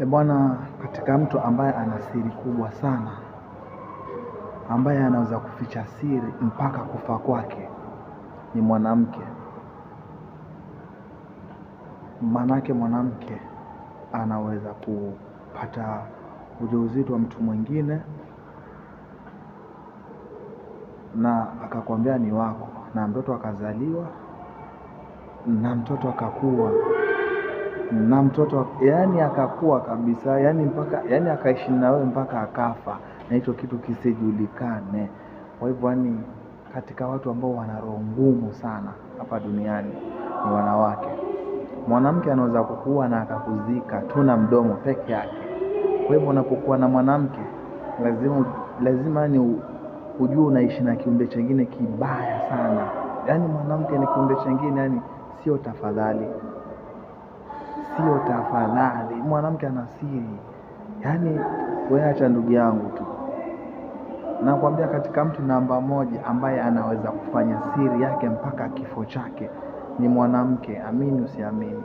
E bwana, katika mtu ambaye ana siri kubwa sana, ambaye anaweza kuficha siri mpaka kufa kwake ni mwanamke. Maanake mwanamke anaweza kupata ujauzito wa mtu mwingine na akakwambia ni wako, na mtoto akazaliwa na mtoto akakua na mtoto yani akakua kabisa yani mpaka yani akaishi na wewe mpaka akafa, na hicho kitu kisijulikane. Kwa hivyo yani, katika watu ambao wana roho ngumu sana hapa duniani ni wanawake. Mwanamke anaweza kukuwa na akakuzika tu na mdomo peke yake. Kwa hivyo unapokuwa na mwanamke lazima, lazima ni yaani ujue unaishi na kiumbe chengine kibaya sana. Yani mwanamke ni kiumbe chengine, yani sio tafadhali sio tafadhali. Mwanamke ana siri, yaani wewe acha ndugu yangu tu. Nakwambia katika mtu namba moja ambaye anaweza kufanya siri yake mpaka kifo chake ni mwanamke, amini usiamini.